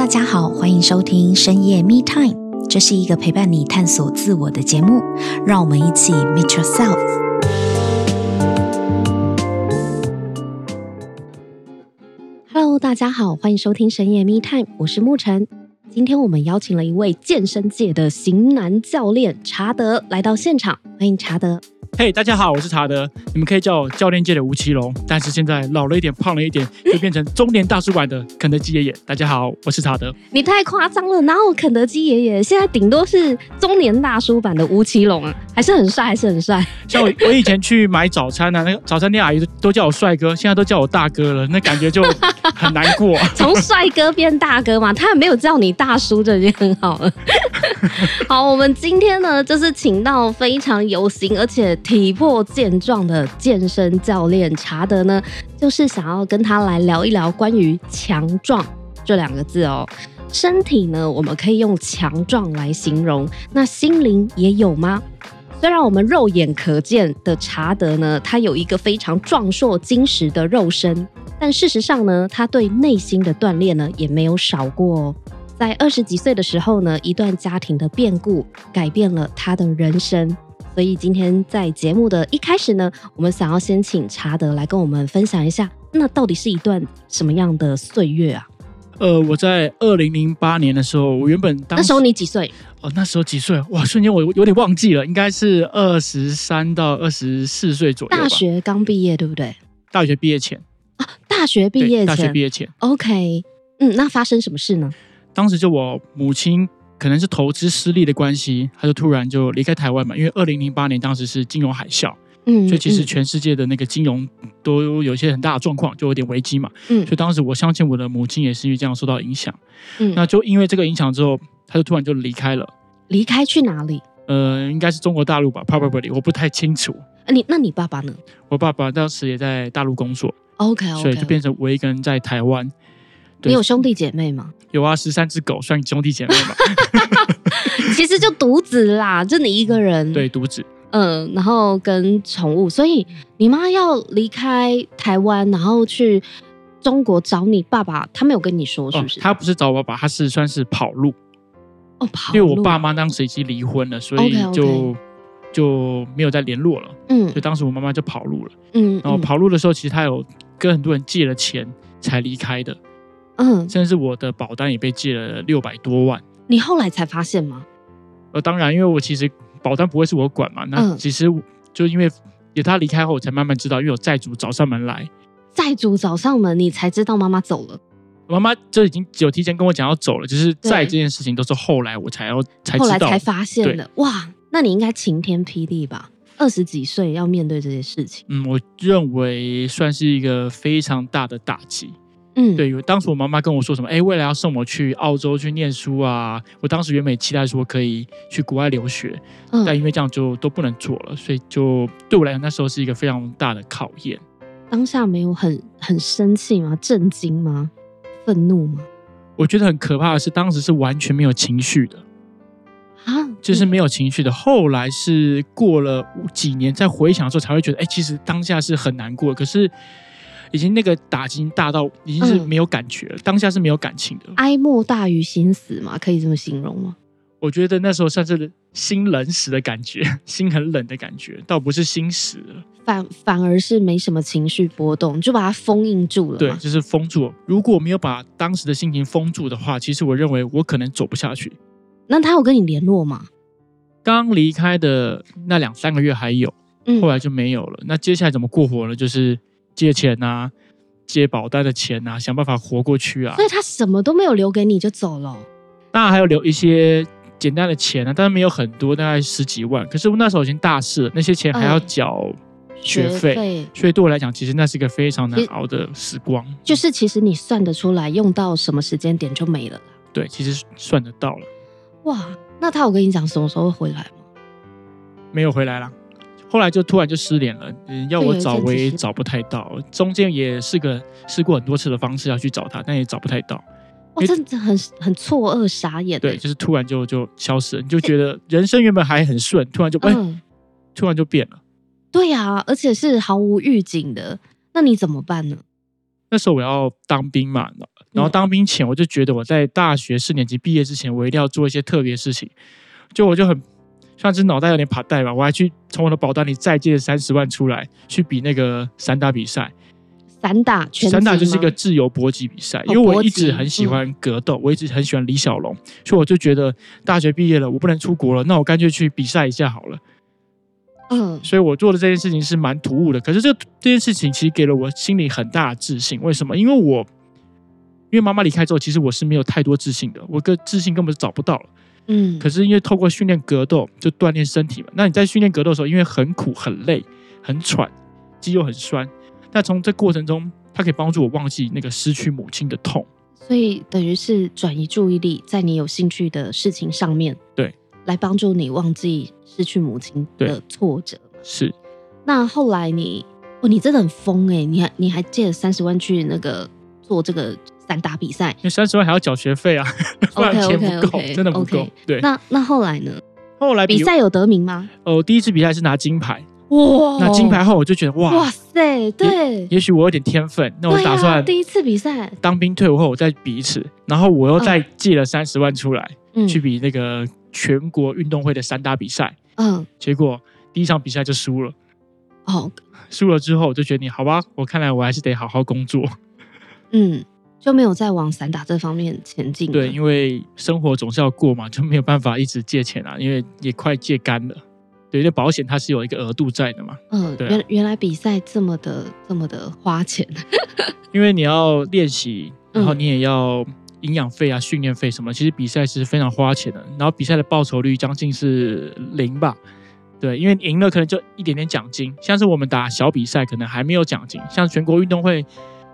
大家好，歡迎收聽深夜 Meet Time，這是一個陪伴你探索自我的節目，讓我們一起 Meet Yourself。Hello，大家好，歡迎收聽深夜 Meet Time，我是沐晨。今天我們邀請了一位健身界的型男教練查德來到現場，歡迎查德。嘿，hey, 大家好，我是查德，你們可以叫我教練界的吳奇隆，但是現在老了一點，胖了一點，嗯、就變成中年大叔版的肯德基爺爺。大家好，我是查德，你太誇張了，哪有肯德基爺爺？現在頂多是中年大叔版的吳奇隆啊。還是很帥，還是很帥。像我，我以前去買早餐呢、啊， 那個早餐店阿姨都叫我帥哥，現在都叫我大哥了，那感覺就很難過、啊。從帥 哥變大哥嘛，他也沒有叫你大叔，這已經很好了。 好，我們今天呢，就是請到非常有型而且體魄健壯的健身教練查德呢，就是想要跟他來聊一聊關於“強壯”這兩個字哦。身體呢，我們可以用“強壯”來形容，那心靈也有嗎？雖然我們肉眼可見的查德呢，他有一個非常壯碩精實的肉身，但事實上呢，他對內心的鍛鍊呢也沒有少過哦。在二十幾歲的時候呢，一段家庭的變故改變了他的人生。所以今天在節目的一開始呢，我們想要先請查德來跟我們分享一下，那到底是一段什麼樣的歲月啊？呃，我在二零零八年的時候，我原本當時，那時候你幾歲？哦，那時候幾歲？哇，瞬間我有點忘記了，應該是二十三到二十四歲左右，大學剛畢業，對不對？大學畢業前啊，大學畢業前，大學畢業前，OK，嗯，那發生什麼事呢？當時就我母親可能是投資失利的關係，她就突然就離開台灣嘛，因為二零零八年當時是金融海嘯，嗯，所以其實全世界的那個金融，嗯，都有一些很大的狀況，就有點危機嘛，嗯，所以當時我相信我的母親也是因為這樣受到影響，嗯，那就因為這個影響之後。他就突然就離開了，離開去哪裡？呃，應該是中國大陸吧，probably 我不太清楚。啊、你那你爸爸呢？我爸爸當時也在大陸工作，OK，, okay 所以就變成我一,一個人在台灣。你有兄弟姐妹嗎？有啊，十三隻狗算你兄弟姐妹吧？ 其實就獨子啦，就你一個人，對，獨子。嗯，然後跟寵物。所以你媽要離開台灣，然後去中國找你爸爸，他沒有跟你說是不是、啊哦？他不是找我爸爸，他是算是跑路。哦，跑、啊！因為我爸媽當時已經離婚了，所以就 okay, okay 就沒有再聯絡了。嗯，所以當時我媽媽就跑路了。嗯，嗯然後跑路的時候，其實她有跟很多人借了錢才離開的。嗯，甚至我的保單也被借了六百多萬。你後來才發現嗎？呃，當然，因為我其實保單不會是我管嘛，那其實就因為有他離開後，我才慢慢知道，因為有債主找上門來。債主找上門，你才知道媽媽走了。媽媽就已經有提前跟我講要走了，就是在這件事情都是後來我才要對才知道後來才發現的。對哇！那你應該晴天霹靂吧？二十幾歲要面對這些事情，嗯，我認為算是一個非常大的打擊。嗯，對，因為當時我媽媽跟我說什麼？哎，未來要送我去澳洲去念書啊！我當時原本期待說可以去國外留學，嗯，但因為這樣就都不能做了，所以就對我來講那時候是一個非常大的考驗。當下沒有很很生氣嗎？震驚嗎？憤怒嗎？我覺得很可怕的是，當時是完全沒有情緒的啊，蛤就是沒有情緒的。後來是過了幾年，再回想的時候才會覺得，哎、欸，其實當下是很難過的，可是已經那個打擊大到已經是沒有感覺了，嗯、當下是沒有感情的。哀莫大於心死嘛，可以這麼形容嗎？我覺得那時候算是心冷死的感覺，心很冷的感覺，倒不是心死了，反反而是沒什麼情緒波動，就把它封印住了。對，就是封住了。如果沒有把當時的心情封住的話，其實我認為我可能走不下去。那他有跟你聯絡嗎？剛,剛離開的那兩三個月還有，後來就沒有了。嗯、那接下來怎麼過活呢？就是借錢吶、啊，借保單的錢吶、啊，想辦法活過去啊。所以他什麼都沒有留給你就走了？當然還有留一些。簡單的錢呢、啊，當然沒有很多，大概十幾萬。可是我那時候已經大四，那些錢還要繳學費，學費，所以對我來講，其實那是一個非常難熬的時光。就是其實你算得出來，用到什麼時間點就沒了。對，其實算得到了。哇，那他有跟你講什麼時候會回來嗎？沒有回來啦，後來就突然就失聯了。嗯，要我找我也找不太到，中間也是個試過很多次的方式要去找他，但也找不太到。哦、真的很很錯愕、傻眼。對，就是突然就就消失了，你就覺得人生原本還很順，欸、突然就，欸嗯、突然就變了。對啊，而且是毫無預警的，那你怎麼辦呢？那時候我要當兵嘛，然後當兵前我就覺得我在大學四年級畢業之前，我一定要做一些特別事情。就我就很，像是腦袋有點怕貸吧，我還去從我的保單裡再借了三十萬出來，去比那個散打比賽。散打，散打就是一個自由搏擊比賽。好因為我一直很喜歡格鬥，嗯、我一直很喜歡李小龍，所以我就覺得大學畢業了，我不能出國了，那我乾脆去比賽一下好了。嗯，所以我做的這件事情是蠻突兀的，可是這這件事情其實給了我心裡很大的自信。為什麼？因為我因為媽媽離開之後，其實我是沒有太多自信的，我個自信根本就找不到了。嗯，可是因為透過訓練格鬥就鍛鍊身體嘛，那你在訓練格鬥的時候，因為很苦、很累、很喘、肌肉很酸。但從這過程中，他可以幫助我忘記那個失去母親的痛，所以等於是轉移注意力在你有興趣的事情上面，對，來幫助你忘記失去母親的挫折。是。那後來你哦，你真的很瘋誒、欸，你還你還借了三十萬去那個做這個散打比賽，那三十萬還要繳學費啊， 不然錢不夠，okay, okay, okay, okay. 真的不夠。Okay. 對。那那後來呢？後來比賽有得名嗎？哦，第一次比賽是拿金牌。哇！Wow, 那金牌後我就覺得哇，哇塞，對，也許我有點天分。那我打算第一次比賽當兵退伍後，我再比一次，然後我又再借了三十萬出來，嗯，去比那個全國運動會的散打比賽。嗯，結果第一場比賽就輸了。哦，輸了之後我就覺得，你好吧，我看來我還是得好好工作。嗯，就沒有再往散打這方面前進。對，因為生活總是要過嘛，就沒有辦法一直借錢啊，因為也快借乾了。對，這保險它是有一個額度在的嘛？嗯，對啊、原原來比賽這麼的，這麼的花錢， 因為你要練習，然後你也要營養費啊、嗯、訓練費什麼。其實比賽是非常花錢的，然後比賽的報酬率將近是零吧？對，因為贏了可能就一點點獎金，像是我們打小比賽可能還沒有獎金，像全國運動會，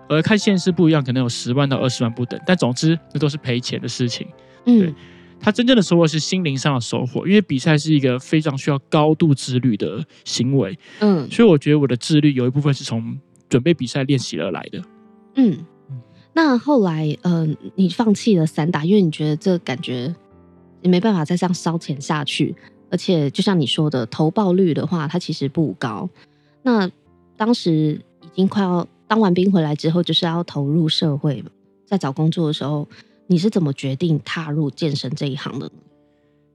呃，看賽事不一樣，可能有十萬到二十萬不等。但總之，這都是賠錢的事情。嗯。對他真正的收穫是心靈上的收穫，因為比賽是一個非常需要高度自律的行為，嗯，所以我覺得我的自律有一部分是從準備比賽練習而來的。嗯，那後來呃，你放棄了散打，因為你覺得這個感覺你沒辦法再這樣燒錢下去，而且就像你說的，投報率的話，它其實不高。那當時已經快要當完兵回來之後，就是要投入社會，在找工作的時候。你是怎麼決定踏入健身這一行的呢？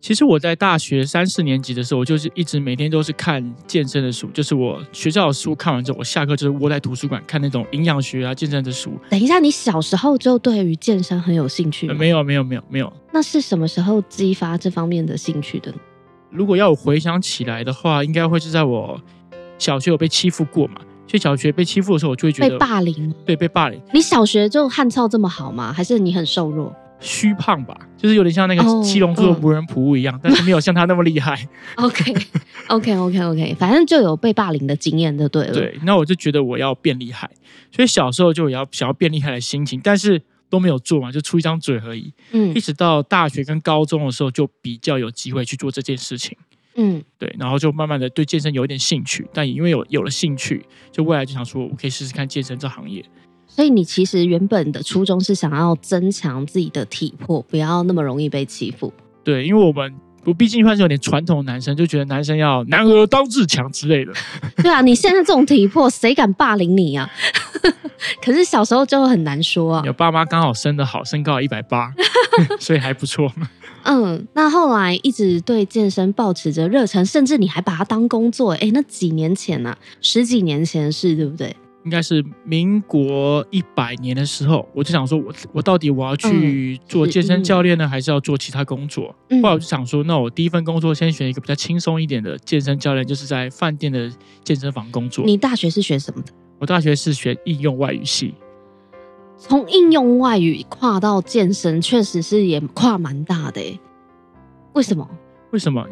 其實我在大學三四年級的時候，我就是一直每天都是看健身的書，就是我學校的書看完之後，我下課就是窩在圖書館看那種營養學啊、健身的書。等一下，你小時候就對於健身很有興趣嗎？沒有，沒有，沒有，沒有。那是什麼時候激發這方面的興趣的？如果要我回想起來的話，應該會是在我小學有被欺負過嘛。去小學被欺負的時候，我就會覺得被霸凌。對，被霸凌。你小學就漢草這麼好嗎？還是你很瘦弱？虛胖吧，就是有點像那個七龍珠的魔人普烏一樣，oh, uh. 但是沒有像他那麼厲害。 OK，OK，OK，OK，、okay. okay, okay, okay. 反正就有被霸凌的經驗就對了。對，那我就覺得我要變厲害，所以小時候就要想要變厲害的心情，但是都沒有做嘛，就出一張嘴而已。嗯，一直到大學跟高中的時候，就比較有機會去做這件事情。嗯，對，然後就慢慢的對健身有一點興趣，但也因為有有了興趣，就未來就想說我可以試試看健身這行業。所以你其實原本的初衷是想要增強自己的體魄，不要那麼容易被欺負。對，因為我們不，畢竟算是有點傳統男生，就覺得男生要男兒當自強之類的。 對啊，你現在這種體魄，誰敢霸凌你啊？ 可是小時候就很難說啊。有爸媽剛好生得好，身高一百八，所以還不錯。嗯，那後來一直對健身抱持着熱忱，甚至你還把它當工作、欸。誒，那幾年前呢、啊？十幾年前的事，對不對？應該是民國一百年的時候，我就想說我，我我到底我要去做健身教練呢，嗯、還是要做其他工作？後來我就想說，那我第一份工作先選一個比較輕鬆一點的，健身教練，就是在飯店的健身房工作。你大學是學什麼的？我大學是學應用外語系。從應用外語跨到健身，確實是也跨蠻大的、欸。為什麼？為什麼？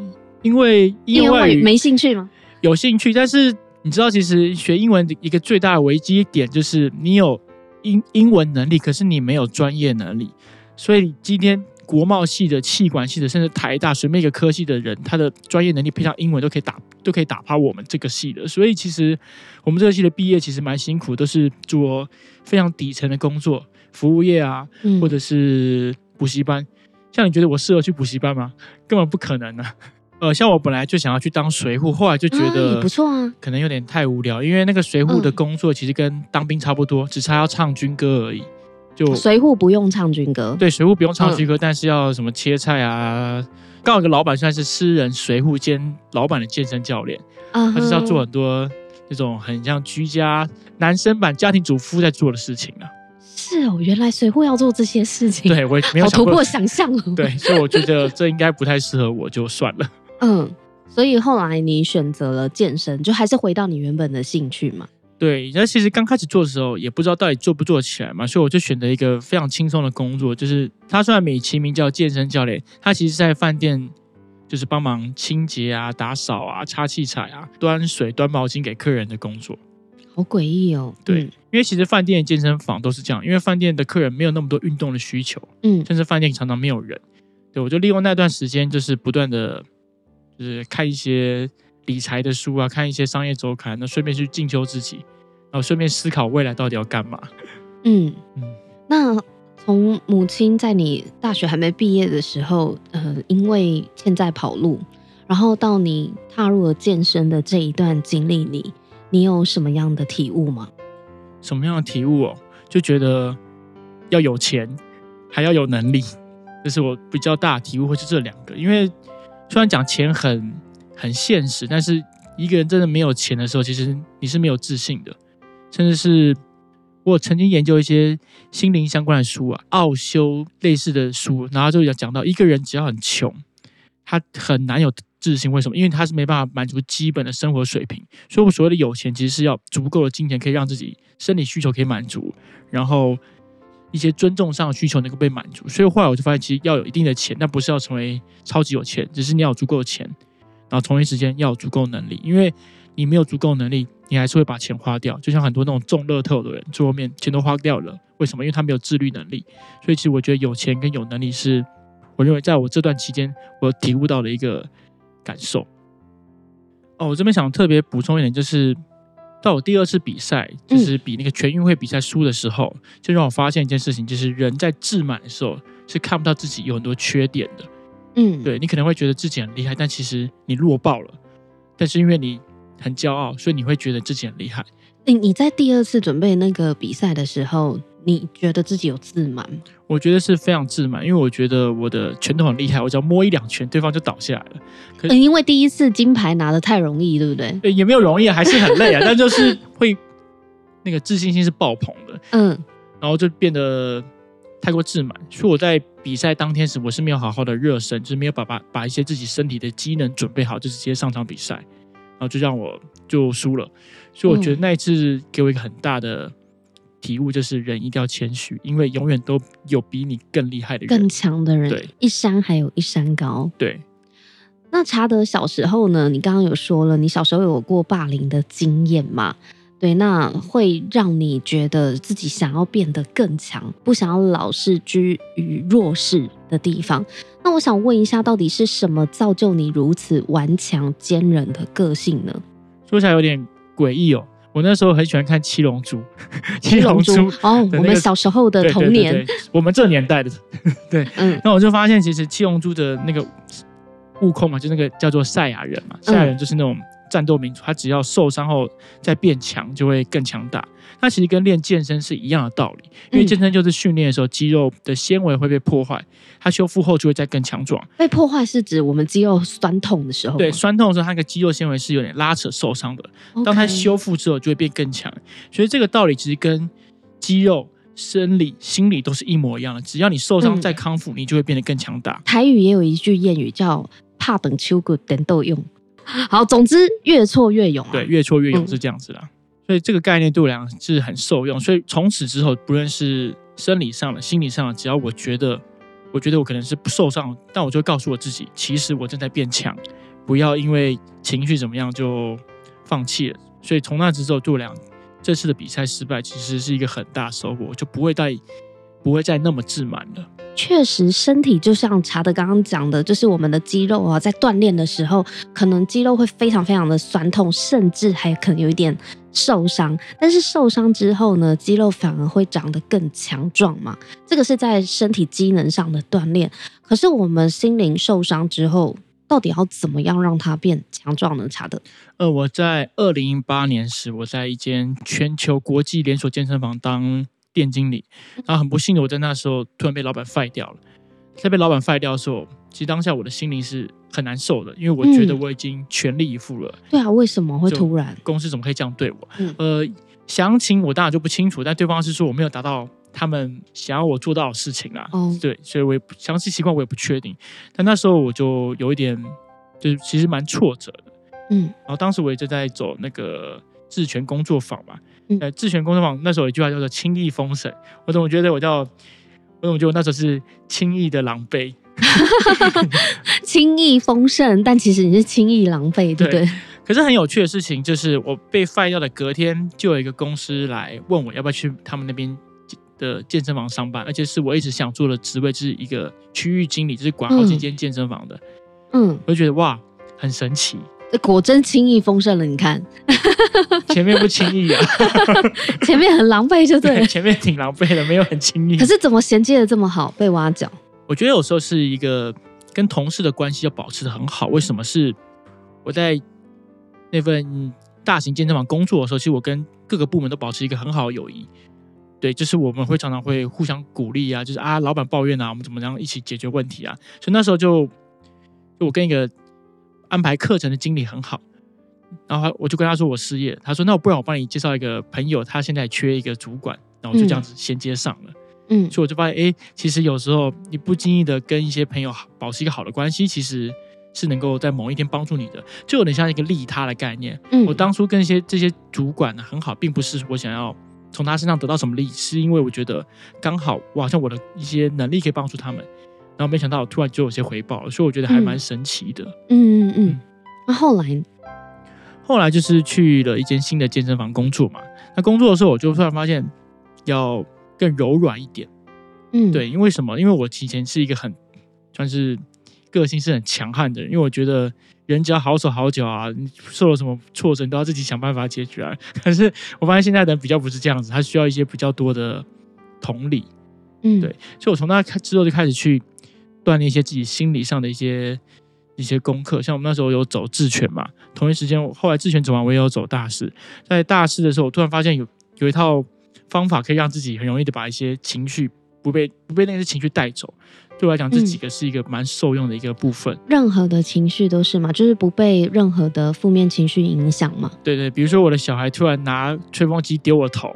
因為外語，外語沒興趣嗎？有興趣，但是你知道，其實學英文的一個最大的危機點就是，你有英英文能力，可是你沒有專業能力，所以你今天。國貿系的、企管系的，甚至台大隨便一個科系的人，他的專業能力配上英文，都可以打、嗯、都可以打趴我們這個系的。所以其實我們這個系的畢業其實蠻辛苦，都是做非常底層的工作，服務業啊，或者是補習班。嗯、像你覺得我適合去補習班嗎？根本不可能啊。呃，像我本來就想要去當隨扈，後來就覺得不錯啊，可能有點太無聊，嗯啊、因為那個隨扈的工作其實跟當兵差不多，嗯、只差要唱軍歌而已。隨扈就不用唱軍歌，對，隨扈不用唱軍歌，嗯、但是要什麼切菜啊。剛好有一個老板算是私人隨扈兼老板的健身教練，嗯、哼他是要做很多那種很像居家男生版家庭主婦在做的事情呢、啊。是哦，原來隨扈要做這些事情，對，我也沒有想過，突破想象、哦。對，所以我覺得這應該不太適合我，就算了。嗯，所以後來你選擇了健身，就還是回到你原本的興趣嘛？對，那其實剛開始做的時候也不知道到底做不做起來嘛，所以我就選擇一個非常輕鬆的工作，就是他雖然美其名叫健身教練，他其實在飯店就是幫忙清潔啊、打掃啊、擦器材啊、端水、端毛巾給客人的工作，好詭異哦。對，嗯、因為其實飯店的健身房都是這樣，因為飯店的客人沒有那麼多運動的需求，嗯，甚至飯店常常沒有人。對，我就利用那段時間，就是不斷的，就是看一些。理財的書啊，看一些商業周刊，那順便去進修自己，然後順便思考未來到底要幹嘛。嗯，嗯，那從母親在你大學還沒畢業的時候，呃，因為欠債跑路，然後到你踏入了健身的這一段經歷裡，你有什麼樣的體悟嗎？什麼樣的體悟哦？就覺得要有錢，還要有能力，這，就是我比較大的體悟，會是這兩個。因為雖然講錢很，很現實，但是一個人真的沒有錢的時候，其實你是沒有自信的。甚至是我曾經研究一些心靈相關的書啊，奧修類似的書，然後就講到一個人只要很窮，他很難有自信。為什麼？因為他是沒辦法滿足基本的生活水平。所以，我所謂的有錢，其實是要足夠的金錢可以讓自己生理需求可以滿足，然後一些尊重上的需求能夠被滿足。所以後來我就發現，其實要有一定的錢，但不是要成為超級有錢，只是你要有足夠的錢。然後，同一時間要有足夠能力，因為你沒有足夠能力，你還是會把錢花掉。就像很多那種中樂透的人，最後面錢都花掉了，為什麼？因為他沒有自律能力。所以，其實我覺得有錢跟有能力是，我認為在我這段期間我體悟到的一個感受。哦，我這邊想特別補充一點，就是到我第二次比賽，就是比那個全運會比賽輸的時候，嗯，就讓我發現一件事情，就是人在自滿的時候是看不到自己有很多缺點的。嗯，對，你可能會覺得自己很厲害，但其實你弱爆了。但是因為你很驕傲，所以你會覺得自己很厲害。哎，你在第二次準備那個比賽的時候，你覺得自己有自滿嗎？我覺得是非常自滿，因為我覺得我的拳頭很厲害，我只要摸一兩拳，對方就倒下來了。嗯，因為第一次金牌拿得太容易，對不對？對，也沒有容易啊，還是很累啊。 但就是會那個自信心是爆棚的，嗯，然後就變得。太過自滿，所以我在比賽當天時，我是沒有好好的熱身，就是沒有把把把一些自己身體的機能準備好，就直接上場比賽，然後就讓我就輸了。所以我覺得那一次給我一個很大的體悟，就是人一定要謙虛，因為永遠都有比你更厲害的人、更強的人。對，一山還有一山高。對。那查德小時候呢？你剛剛有說了，你小時候有過霸凌的經驗嗎？對，那會讓你覺得自己想要變得更強，不想要老是居於弱勢的地方。那我想問一下，到底是什麼造就你如此頑強堅韌的個性呢？說起來有點詭異哦，我那時候很喜歡看《七龍珠》，七龍珠，七龍珠哦，那個、我們小時候的童年，對對對對我們這年代的， 對，嗯。那我就發現，其實《七龍珠》的那個悟空嘛，就那個叫做賽亞人嘛，賽亞人就是那種。嗯戰鬥民族，他只要受傷後再變強，就會更強大。它其實跟練健身是一樣的道理，因為健身就是訓練的時候，肌肉的纖維會被破壞，它修復後就會再更強壯。被破壞是指我們肌肉痠痛的時候。對，痠痛的時候，它那個肌肉纖維是有點拉扯受傷的。Okay 當它修復之後，就會變更強。所以這個道理其實跟肌肉生理、心理都是一模一樣的。只要你受傷再康復，你就會變得更強大。嗯。台語也有一句諺語叫“拍斷手骨，顛倒勇”。好，總之越挫越勇。啊，對，越挫越勇是這樣子的，嗯、所以這個概念度量是很受用。所以從此之後，不論是生理上的、心理上的，只要我覺得，我覺得我可能是不受傷，但我就告訴我自己，其實我正在變強，不要因為情緒怎麼樣就放棄了。所以從那之後，度量，這次的比賽失敗，其實是一個很大收穫，就不會再不會再那麼自滿了。確實，身體就像查德剛剛講的，就是我們的肌肉啊，在鍛鍊的時候，可能肌肉會非常非常的痠痛，甚至還可能有一點受傷。但是受傷之後呢，肌肉反而會長得更強壯嘛。這個是在身體機能上的鍛鍊。可是我們心靈受傷之後，到底要怎麼樣讓它變強壯呢？查德，呃，我在二零零八年時，我在一間全球國際連鎖健身房當店經理，然後很不幸的，我在那時候突然被老闆廢掉了。在被老闆廢掉的時候，其實當下我的心靈是很難受的，因為我覺得我已經全力以赴了。嗯、對啊，為什麼會突然？公司怎麼可以這樣對我？嗯、呃，詳情我當然就不清楚，但對方是說我沒有達到他們想要我做到的事情啊。哦、對，所以我也不詳細情況我也不確定。但那時候我就有一點，就是其實蠻挫折的。嗯，然後當時我也正在走那個自權工作坊嘛。呃，智選健身房那時候有一句話叫做“輕易豐盛”，我總覺得我叫，我總覺得我那時候是輕易的狼狽。輕易豐盛，但其實你是輕易狼狽對不對？對 可是很有趣的事情就是，我被 fire 掉的隔天，就有一個公司來問我要不要去他們那邊的健身房上班，而且是我一直想做的職位，就是一個區域經理，就是管好幾間健身房的。嗯，我就覺得哇，很神奇。果真輕易豐盛了，你看， 前面不輕易啊， 前面很狼狽，就對，前面挺狼狽的，沒有很輕易。 可是怎麼銜接得這麼好，被挖角？我覺得有時候是一個跟同事的關係要保持得很好。為什麼是我在那份大型健身房工作的時候，其實我跟各個部門都保持一個很好的友誼。對，就是我們會常常會互相鼓勵啊，就是啊，老闆抱怨啊，我們怎麼樣一起解決問題啊。所以那時候就，就我跟一個。安排課程的經理很好，然後我就跟他說我失業，他說，那我不然我幫你介紹一個朋友，他現在缺一個主管，然後就這樣子銜接上了。嗯，嗯，所以我就發現，哎，其實有時候你不經意的跟一些朋友保持一個好的關係，其實是能夠在某一天幫助你的，就有點像一個利他的概念。嗯，我當初跟一些這些主管很好，並不是我想要從他身上得到什麼利益，是因為我覺得剛好我好像我的一些能力可以幫助他們。然後沒想到，突然就有些回報了，所以我覺得還蠻神奇的。嗯嗯嗯。那、嗯嗯嗯啊、後來，後來就是去了一間新的健身房工作嘛。那工作的時候，我就突然發現要更柔軟一點。嗯，對，因為什麼？因為我以前是一個很算是個性是很強悍的人，因為我覺得人只要好手好腳啊，你受了什麼挫折，你都要自己想辦法解決啊。可是我發現現在的人比較不是這樣子，他需要一些比較多的同理。嗯，對，所以我從那之後就開始去。鍛鍊一些自己心理上的一些一些功課，像我們那時候有走智權嘛同一時間我，後來智權走完，我也有走大師。在大師的時候，我突然發現有有一套方法可以讓自己很容易的把一些情緒不被不被那些情緒帶走。對我來講，這幾個是一個蠻受用的一個部分。任何的情緒都是嘛，就是不被任何的負面情緒影響嘛。對對，比如說我的小孩突然拿吹風機丟我頭，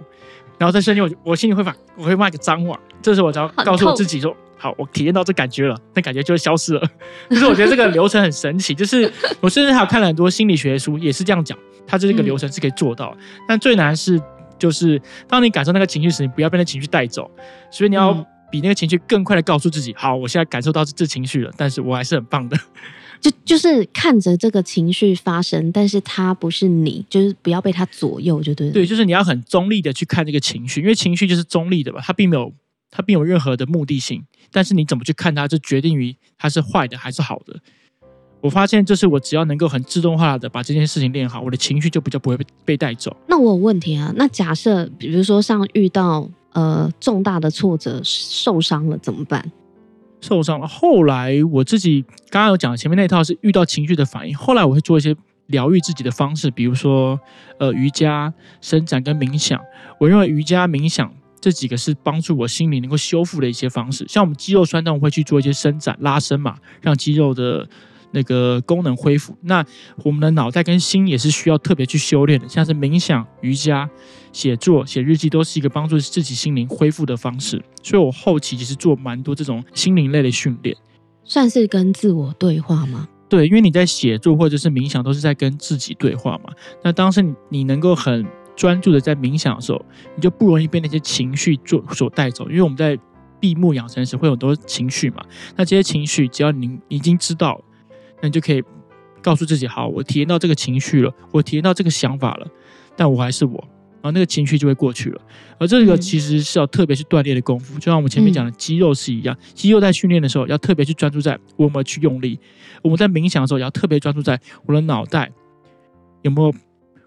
然後在瞬間我我心裡會罵我會罵個髒話，這時候我只要告訴我自己說。好，我體驗到這感覺了，那感覺就消失了。就是我覺得這個流程很神奇， 就是我甚至還有看了很多心理學書，也是這樣講，它這個流程是可以做到。嗯、但最難是，就是當你感受那個情緒時，你不要被那情緒帶走，所以你要比那個情緒更快的告訴自己，嗯、好，我現在感受到這，這情緒了，但是我還是很棒的。就就是看着這個情緒發生，但是它不是你，就是不要被它左右，就對。對，就是你要很中立的去看這個情緒，因為情緒就是中立的吧，它並沒有。它並沒有任何的目的性，但是你怎麼去看它，就決定於它是壞的還是好的。我發現，就是我只要能夠很自動化的把這件事情練好，我的情緒就比較不會被被帶走。那我有問題啊？那假設比如說像遇到呃重大的挫折、受傷了怎麼辦？受傷了，後來我自己剛剛有講前面那一套是遇到情緒的反應，後來我會做一些療癒自己的方式，比如說呃瑜伽、伸展跟冥想。我認為瑜伽、冥想。這幾個是幫助我心靈能夠修復的一些方式，像我們肌肉痠痛會去做一些伸展、拉伸嘛，讓肌肉的那個功能恢復。那我們的腦袋跟心也是需要特別去修煉的，像是冥想、瑜伽、寫作、寫日記都是一個幫助自己心靈恢復的方式。所以我後期其實做蠻多這種心靈類的訓練，算是跟自我對話嗎？對，因為你在寫作或者是冥想都是在跟自己對話嘛。那當時你你能夠很。專注的在冥想的時候，你就不容易被那些情緒做所帶走，因為我們在閉目養神時會有很多情緒嘛。那這些情緒，只要你已經知道，那你就可以告訴自己：好，我體驗到這個情緒了，我體驗到這個想法了，但我還是我，然後那個情緒就會過去了。而這個其實是要特別去鍛鍊的功夫，嗯、就像我們前面講的肌肉是一樣，嗯、肌肉在訓練的時候要特別去專注在我們有沒有去用力；我們在冥想的時候也要特別專注在我的腦袋有沒有。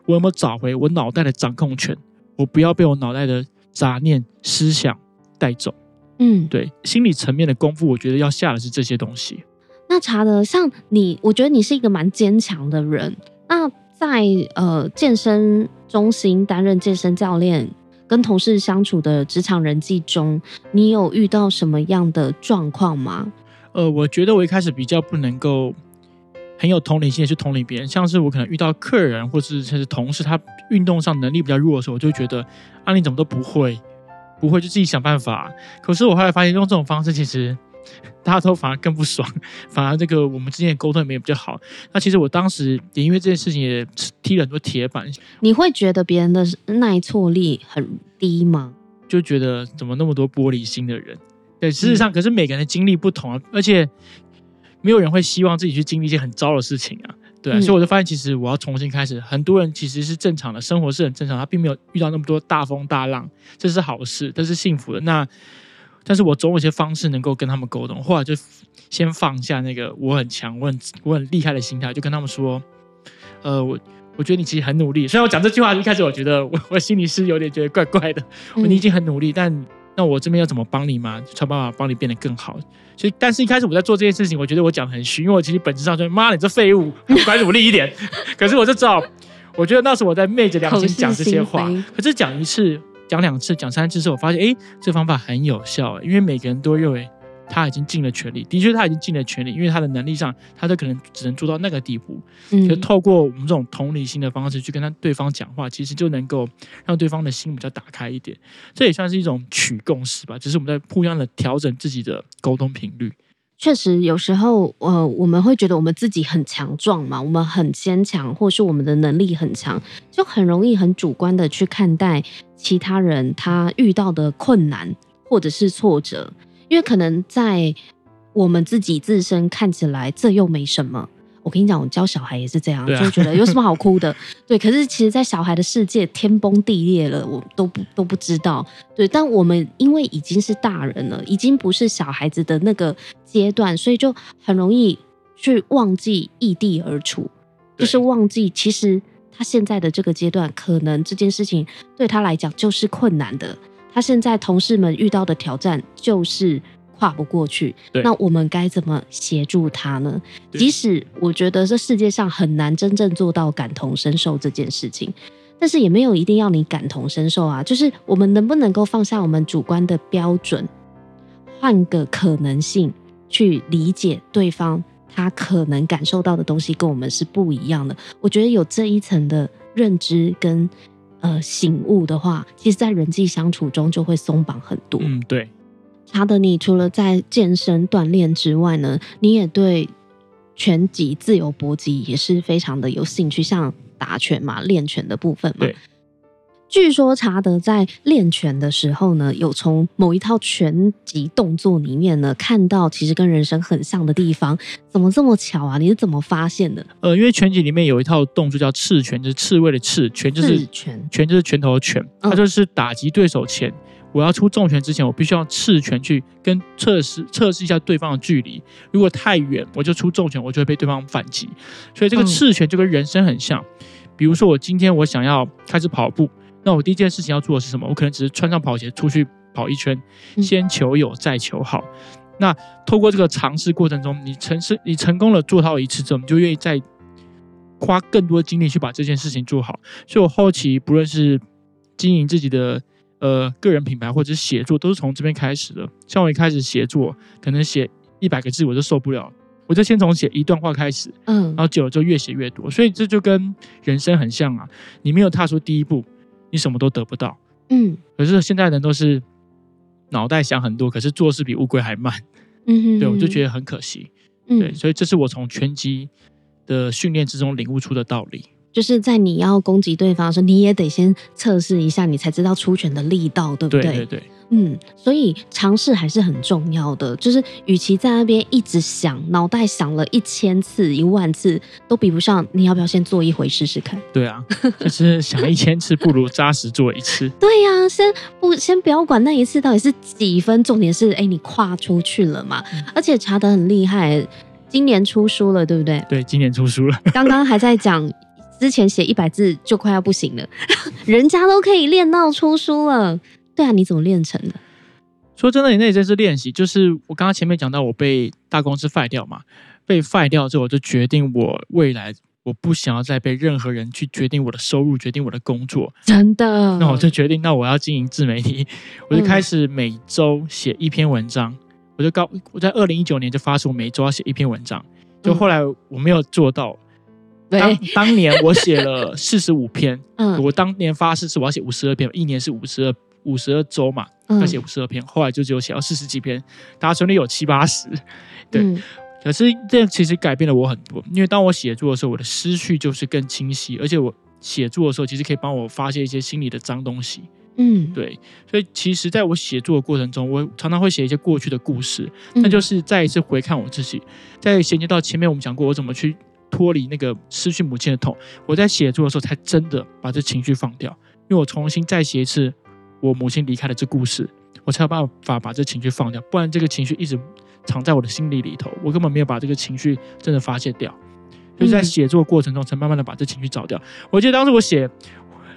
我有沒有找回我腦袋的掌控權？我不要被我腦袋的雜念、思想帶走。嗯，對，心理層面的功夫，我覺得要下的是這些東西。那查德，像你，我覺得你是一個蠻堅強的人。那在呃健身中心擔任健身教練，跟同事相處的職場人際中，你有遇到什麼樣的狀況嗎？呃，我覺得我一開始比較不能夠。很有同理心，也去同理別人。像是我可能遇到客人，或是甚至同事，他運動上能力比較弱的時候，我就覺得啊，你怎麼都不會，不會就自己想辦法。可是我後來發現，用這種方式其實大家都反而更不爽，反而這個我們之間的溝通也沒有比較好。那其實我當時也因為這件事情也踢了很多鐵板。你會覺得別人的耐挫力很低嗎？就覺得怎麼那麼多玻璃心的人？對，事實上，嗯、可是每個人的經歷不同啊，而且。沒有人會希望自己去經歷一些很糟的事情啊，對啊，嗯、所以我就發現，其實我要重新開始。很多人其實是正常的生活是很正常的，他並沒有遇到那麼多大風大浪，這是好事，這是幸福的。那，但是我總有一些方式能夠跟他們溝通，或者就先放下那個我很強、我很我很厲害的心態，就跟他們說，呃，我我覺得你其實很努力。雖然我講這句話一開始，我覺得我我心裡是有點覺得怪怪的。你、嗯、已經很努力，但。那我這邊要怎麼幫你嘛？就想辦法幫你變得更好。所以，但是一開始我在做這件事情，我覺得我講很虛，因為我其實本質上說，就是，媽，你這廢物，你快努力一點。 可是我就知道，我覺得那是我在昧着良心講這些話。可是講一次，講兩次，講三次之後，我發現，哎、欸，這個、方法很有效，因為每個人都認為。他已經盡了全力，的確他已經盡了全力，因為他的能力上，他就可能只能做到那個地步。就、嗯、透過我們這種同理心的方式去跟他對方講話，其實就能夠讓對方的心比較打開一點，這也算是一種取共識吧，只是我們在互相的調整自己的溝通頻率。確實，有時候呃，我們會覺得我們自己很強壯嘛，我們很堅強，或是我們的能力很強，就很容易很主觀的去看待其他人他遇到的困難或者是挫折。因為可能在我們自己自身看起來，這又沒什麼。我跟你講，我教小孩也是這樣，對啊、就覺得有什麼好哭的？對，可是其實，在小孩的世界，天崩地裂了，我都不都不知道。對，但我們因為已經是大人了，已經不是小孩子的那個階段，所以就很容易去忘記異地而處，對就是忘記其實他現在的這個階段，可能這件事情對他來講就是困難的。他現在同事們遇到的挑戰就是跨不過去，對那我們該怎麼協助他呢？對即使我覺得這世界上很難真正做到感同身受這件事情，但是也沒有一定要你感同身受啊。就是我們能不能夠放下我們主觀的標準，換個可能性去理解對方，他可能感受到的東西跟我們是不一樣的。我覺得有這一層的認知跟。呃，醒悟的話，其實，在人際相處中就會鬆綁很多。嗯，對。查德尼，你除了在健身鍛鍊之外呢，你也對拳擊、自由搏擊也是非常的有興趣，像打拳嘛，練拳的部分嘛。對。據說查德在練拳的時候呢，有從某一套拳擊動作裡面呢看到，其實跟人生很像的地方。怎麼這麼巧啊？你是怎麼發現的？呃，因為拳擊裡面有一套動作叫刺拳，就是刺蝟的刺，拳就是，刺拳，就是拳拳就是拳頭的拳。他就是打擊對手前，嗯、我要出重拳之前，我必須要刺拳去跟測試測試一下對方的距離。如果太遠，我就出重拳，我就會被對方反擊。所以這個刺拳就跟人生很像。嗯、比如說我今天我想要開始跑步。那我第一件事情要做的是什麼？我可能只是穿上跑鞋出去跑一圈，嗯、先求有再求好。那透過這個嘗試過程中，你成是你成功了做到一次之後，你就願意再花更多精力去把這件事情做好。所以我後期不論是經營自己的呃個人品牌，或者是寫作，都是從這邊開始的。像我一開始寫作，可能寫一百個字我就受不了了，我就先從寫一段話開始，嗯，然後久了就越寫越多。嗯、所以這就跟人生很像啊，你沒有踏出第一步。你什麼都得不到，嗯。可是現在人都是腦袋想很多，可是做事比烏龜還慢，嗯哼，嗯。對，我就覺得很可惜，嗯。對，所以這是我從拳擊的訓練之中領悟出的道理，就是在你要攻擊對方的時候，你也得先測試一下，你才知道出拳的力道，對不對？對對對。嗯，所以嘗試還是很重要的。就是與其在那邊一直想，腦袋想了一千次、一萬次，都比不上你要不要先做一回試試看？對啊，就是想一千次不如扎實做一次。 對呀、啊，先不先不要管那一次到底是幾分，重點是哎、欸，你跨出去了嘛。嗯、而且查德很厲害，今年出書了，對不對？對，今年出書了。剛剛還在講，之前寫一百字就快要不行了， 人家都可以練到出書了。對啊，你怎麼練成的？說真的，你那也真是練習。就是我剛剛前面講到，我被大公司廢掉嘛，被廢掉之後，我就決定我未來我不想要再被任何人去決定我的收入，決定我的工作。真的？那我就決定，那我要經營自媒體。我就開始每周寫一篇文章。嗯、我就告我在二零一九年就發誓，我每周要寫一篇文章。就後來我沒有做到。嗯、當當年我寫了四十五篇，嗯，我當年發誓是我要寫五十二篇，一年是五十二。五十二周嘛，他寫五十二篇，嗯、後來就只有寫到四十幾篇，達成率有七八十，對。嗯、可是這其實改變了我很多，因為當我寫作的時候，我的思緒就是更清晰，而且我寫作的時候其實可以幫我發洩一些心裡的髒東西，嗯，對。所以其實在我寫作的過程中，我常常會寫一些過去的故事，那、嗯、就是再一次回看我自己，在銜接到前面我們講過我怎麼去脫離那個失去母親的痛，我在寫作的時候才真的把這情緒放掉，因為我重新再寫一次。我母親離開了這故事，我才有辦法把這情緒放掉，不然這個情緒一直藏在我的心裡裡頭，我根本沒有把這個情緒真的發洩掉。就是在寫作過程中，才慢慢的把這情緒找掉。我記得當時我寫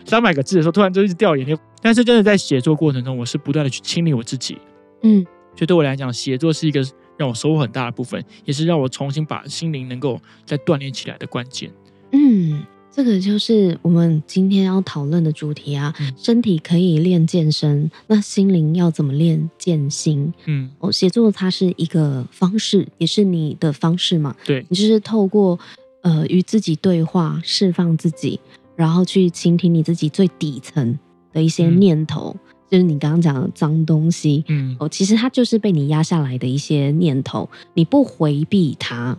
三百個字的時候，突然就一直掉眼淚，但是真的在寫作過程中，我是不斷的去清理我自己。嗯，就對我來講，寫作是一個讓我收穫很大的部分，也是讓我重新把心靈能夠再鍛鍊起來的關鍵。嗯。這個就是我們今天要討論的主題啊！嗯、身體可以練健身，那心靈要怎麼練健？健心，嗯，我寫作它是一個方式，也是你的方式嘛。對，你就是透過呃與自己對話，釋放自己，然後去傾聽你自己最底層的一些念頭，嗯、就是你剛剛講的髒東西，嗯，哦，其實它就是被你壓下來的一些念頭，你不回避它，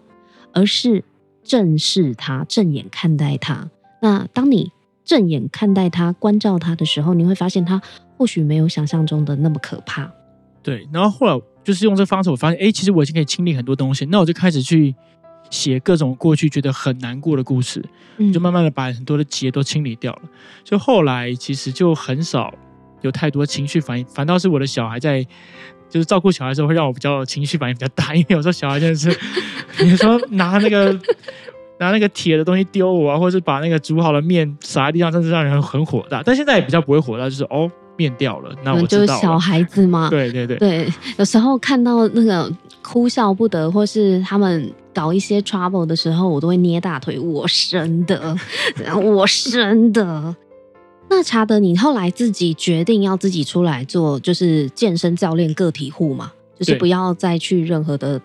而是。正視他，正眼看待他。那當你正眼看待他、關照他的時候，你會發現他或許沒有想象中的那麼可怕。對。然後後來就是用這方式，我發現，哎，其實我已經可以清理很多東西。那我就開始去寫各種過去覺得很難過的故事，嗯，就慢慢的把很多的結都清理掉了。所以後來其實就很少有太多情緒反應，反倒是我的小孩在，就是照顧小孩的時候會讓我比較情緒反應比較大，因為有時候小孩真的是。 你說拿那個拿那個鐵的東西丟我啊，或者是把那個煮好的麵撒在地上，真的讓人很火大。但現在也比較不會火大，就是哦，麵掉了，那我知道了，你們就是小孩子嘛，對對對，對。有時候看到那個哭笑不得，或是他們搞一些 trouble 的時候，我都會捏大腿，我生的，我生的。 那查德，你後來自己決定要自己出來做，就是健身教練個體戶嘛，就是不要再去任何的。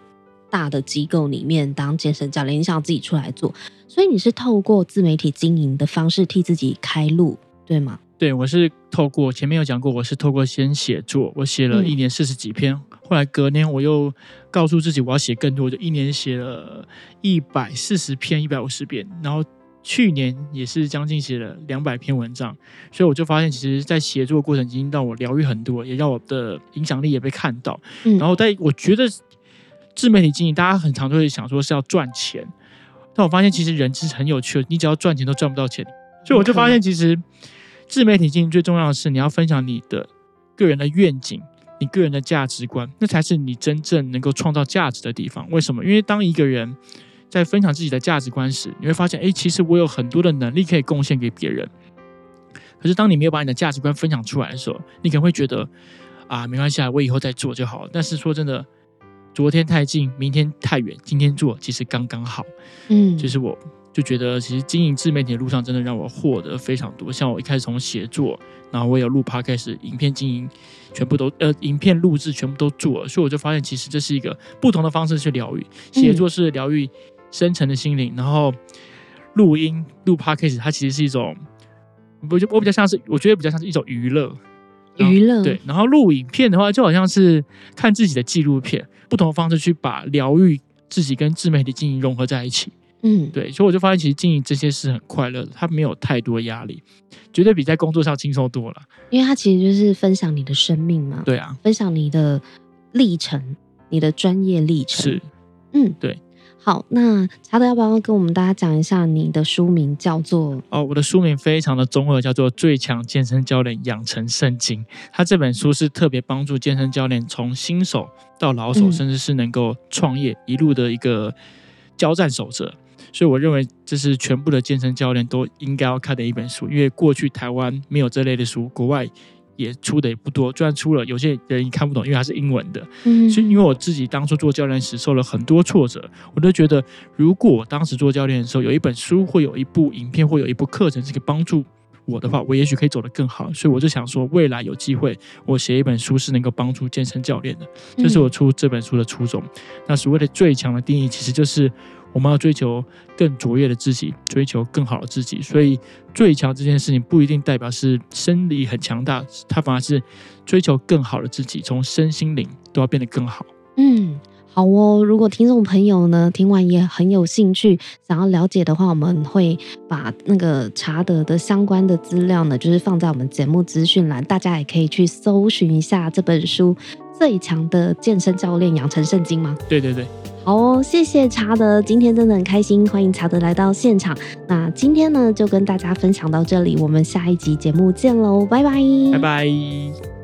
大的機構裡面當健身教練，你想自己出來做，所以你是透過自媒體經營的方式替自己開路，對嗎？對，我是透過前面有講過，我是透過先寫作，我寫了一年四十幾篇，嗯、後來隔年我又告訴自己我要寫更多，就一年寫了一百四十篇、一百五十篇，然後去年也是將近寫了兩百篇文章，所以我就發現，其實，在寫作的過程已經讓我療癒很多，也讓我的影響力也被看到。嗯、然後，但我覺得、嗯。自媒體經營，大家很常都會想說是要賺錢，但我發現其實人是很有趣的。你只要賺錢都賺不到錢，所以我就發現其實 Okay. 自媒體經營最重要的是你要分享你的個人的願景、你個人的價值觀，那才是你真正能夠創造價值的地方。為什麼？因為當一個人在分享自己的價值觀時，你會發現，誒，其實我有很多的能力可以貢獻給別人。可是當你沒有把你的價值觀分享出來的時候，你可能會覺得啊，沒關係，啊，我以後再做就好了。但是說真的。昨天太近，明天太遠，今天做其實剛剛好。嗯，就是我就覺得，其實經營自媒體的路上，真的讓我獲得非常多。像我一開始從寫作，然後我有錄 p 開始，a 影片經營，全部都呃，影片錄製全部都做了，所以我就發現，其實這是一個不同的方式去療癒。寫作是療癒深層的心靈，嗯、然後錄音錄 p 開始，a 它其實是一種，我覺我比較像是，我覺得比較像是一種娛樂。娛樂樂對，然後錄影片的話，就好像是看自己的紀錄片。不同的方式去把療癒自己跟自媒體經營融合在一起，嗯，對，所以我就發現其實經營這些是很快樂的，它沒有太多壓力，絕對比在工作上輕鬆多了。因為它其實就是分享你的生命嘛，對啊，分享你的歷程，你的專業歷程。是，嗯，對。好，那查德，要不要跟我們大家講一下你的書名叫做？哦，我的書名非常的綜合，叫做《最強健身教練養成聖經》。它這本書是特別幫助健身教練從新手到老手，嗯、甚至是能夠創業一路的一個交戰守則。所以我認為這是全部的健身教練都應該要看的一本書，因為過去台灣沒有這類的書，國外。也出的也不多，就算出了，有些人也看不懂，因為它是英文的。嗯，所以因為我自己當初做教練時受了很多挫折，我都覺得，如果我當時做教練的時候有一本書，會有一部影片，會有一部課程是可以幫助我的話，我也許可以走得更好。所以我就想說，未來有機會，我寫一本書是能夠幫助健身教練的，這是我出這本書的初衷。嗯，那所謂的最強的定義，其實就是。我們要追求更卓越的自己，追求更好的自己。所以，最強這件事情不一定代表是生理很強大，它反而是追求更好的自己，從身心靈都要變得更好。嗯，好哦。如果聽眾朋友呢，聽完也很有興趣，想要了解的話，我們會把那個查德的相關的資料呢，就是放在我們節目資訊欄，大家也可以去搜尋一下這本書。最強的健身教練養成聖經嗎？對對對，好哦，謝謝查德，今天真的很開心，歡迎查德來到現場。那今天呢，就跟大家分享到這裡，我們下一集節目見嘍，拜拜，拜拜。